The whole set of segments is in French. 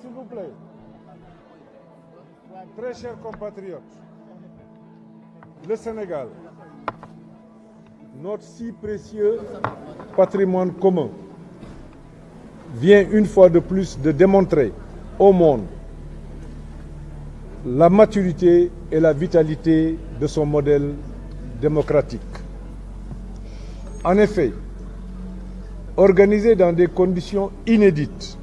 S'il vous plaît. Très chers compatriotes, le Sénégal, notre si précieux patrimoine commun, vient une fois de plus de démontrer au monde la maturité et la vitalité de son modèle démocratique. En effet, organisé dans des conditions inédites,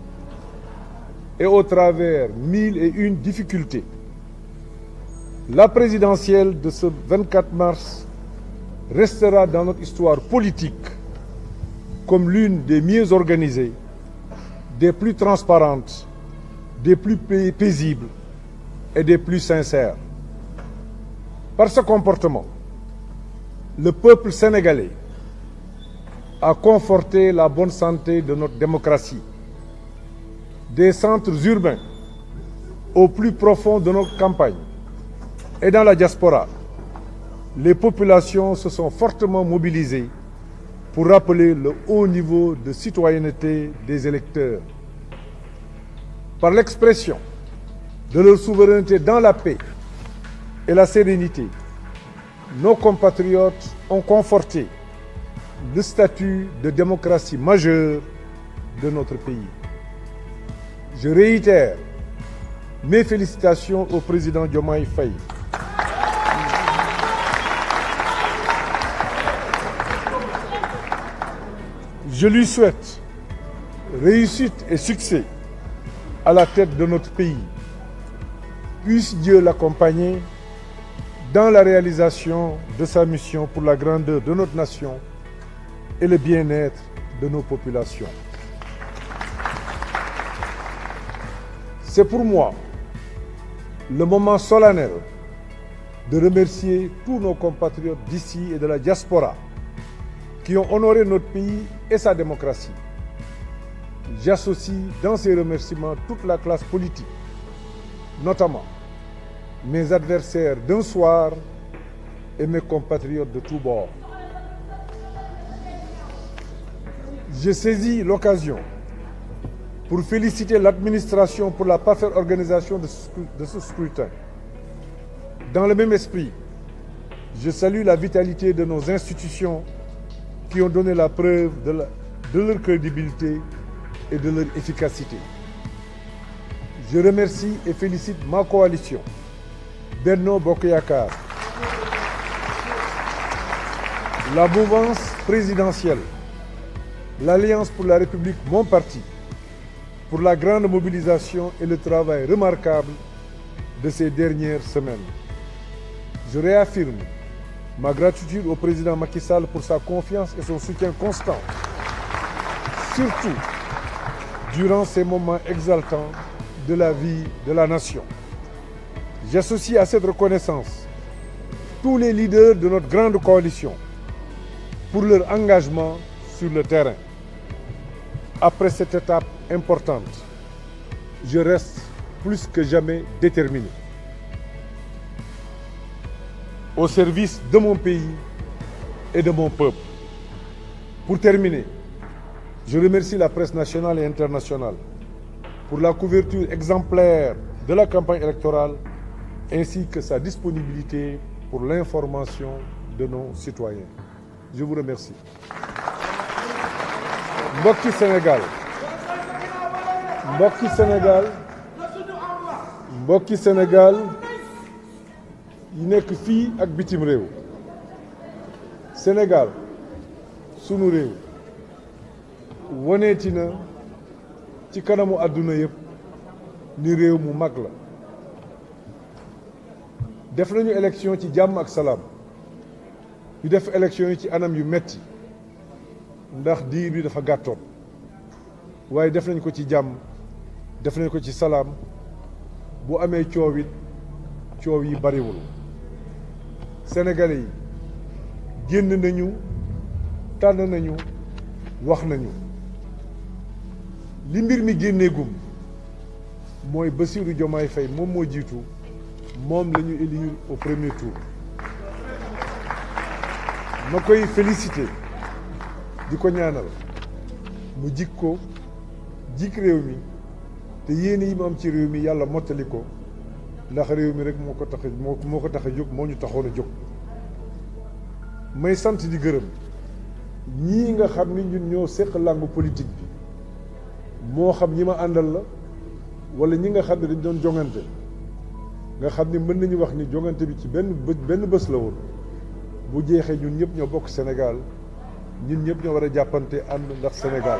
et au travers mille et une difficultés, la présidentielle de ce 24 mars restera dans notre histoire politique comme l'une des mieux organisées, des plus transparentes, des plus paisibles et des plus sincères. Par ce comportement, le peuple sénégalais a conforté la bonne santé de notre démocratie des centres urbains au plus profond de nos campagnes et dans la diaspora, les populations se sont fortement mobilisées pour rappeler le haut niveau de citoyenneté des électeurs. Par l'expression de leur souveraineté dans la paix et la sérénité, nos compatriotes ont conforté le statut de démocratie majeure de notre pays je réitère mes félicitations au président Diomaye Faye. Je lui souhaite réussite et succès à la tête de notre pays. Puisse Dieu l'accompagner dans la réalisation de sa mission pour la grandeur de notre nation et le bien-être de nos populations. C'est pour moi le moment solennel de remercier tous nos compatriotes d'ici et de la diaspora qui ont honoré notre pays et sa démocratie. J'associe dans ces remerciements toute la classe politique, notamment mes adversaires d'un soir et mes compatriotes de tous bords. J'ai saisi l'occasion pour féliciter l'administration pour la parfaite organisation de ce scrutin. Dans le même esprit, je salue la vitalité de nos institutions qui ont donné la preuve de, leur crédibilité et de leur efficacité. Je remercie et félicite ma coalition, Bernard Bokeyakar, la mouvance présidentielle, l'Alliance pour la République, mon parti, pour la grande mobilisation et le travail remarquable de ces dernières semaines. Je réaffirme ma gratitude au président Macky Sall pour sa confiance et son soutien constant, surtout durant ces moments exaltants de la vie de la nation. J'associe à cette reconnaissance tous les leaders de notre grande coalition pour leur engagement sur le terrain. Après cette étape importante, je reste plus que jamais déterminé. Au service de mon pays et de mon peuple. Pour terminer, je remercie la presse nationale et internationale pour la couverture exemplaire de la campagne électorale ainsi que sa disponibilité pour l'information de nos citoyens. Je vous remercie. Sénégal mbokki senegaal mbokki senegaal yi nekk fii ak bitim réew senegaal sunu réew woneeti ci kanamu àdduna yëpp ni réew mu mag la def nañu élection ci jàmm ak salaam ñu def élection yi ci anam yu metti ndax diir bi dafa gàttoon waaye def nañ ko ci jàmm def nañ ko ci salaam bu sénégalais yi génn nañu tànn nañu wax nañu mi mooy Bassirou fay moom moo jiitu au premier tour Je koy félicité di ko ñaanal te yéene yi mu am ci réew mi yàlla mottali ko ndax réew mi rek moo ko tax moo moo ko tax a jóg moo ñu taxoon a jóg may sant di gërëm ñii nga xam ni ñun ñoo séq làngu politique bi moo xam ñi ma àndal la wala ñi nga xam ne dañ doon jongante nga xam ni mën nañu wax ni jongante bi ci benn benn bës la woon bu jeexee ñun ñëpp ñoo bokk senegaal ñun ñëpp ñoo war a jàppante ànd ndax senegaal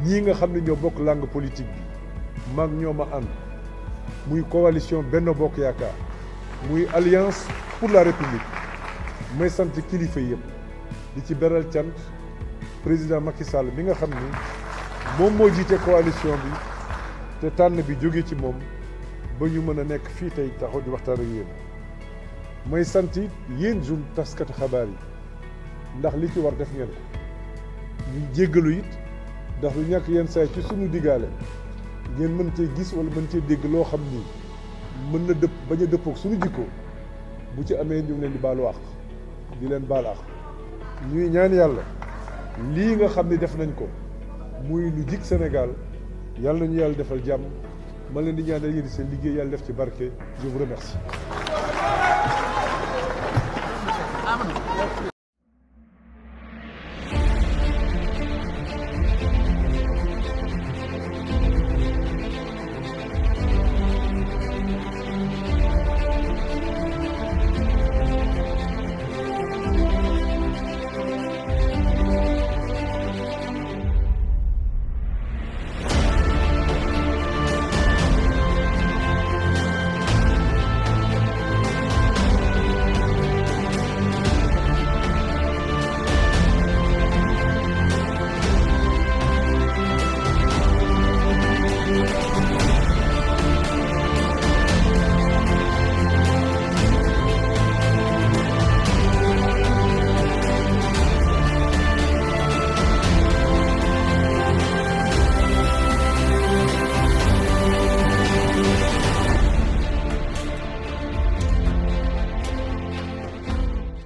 ñii nga xam ñoo bokk langue politique bi maag ñoo ma ànd muy coalition Benno Bokk Yaakaar muy alliance pour la république may sant kilifa yëpp di ci beral cant président Macky Sall mi nga xamni mom mo jité coalition bi té tan bi joggé ci mom ba ñu mëna a nekk fii tey taxaw di waxtaan ak yeen may sant yeen yéen jum taskati xabaar yi ndax li ci war def ngeen ko ñu jéggalu it ndax lu ñàkk yenn saay ci suñu diggaale ngeen mën cee gis wala mën cee dégg loo xam ni mën na dëpp bañ a dëppoog suñu jikko bu ci amee ñu leen di baalu àq di leen baal àq ñuy ñaan yàlla lii nga xam ne def nañ ko muy lu jik Sénégal yàlla nañu yàlla defal jàmm ma leen di ñaanal yéen seen liggéey yàlla def ci barke je remercie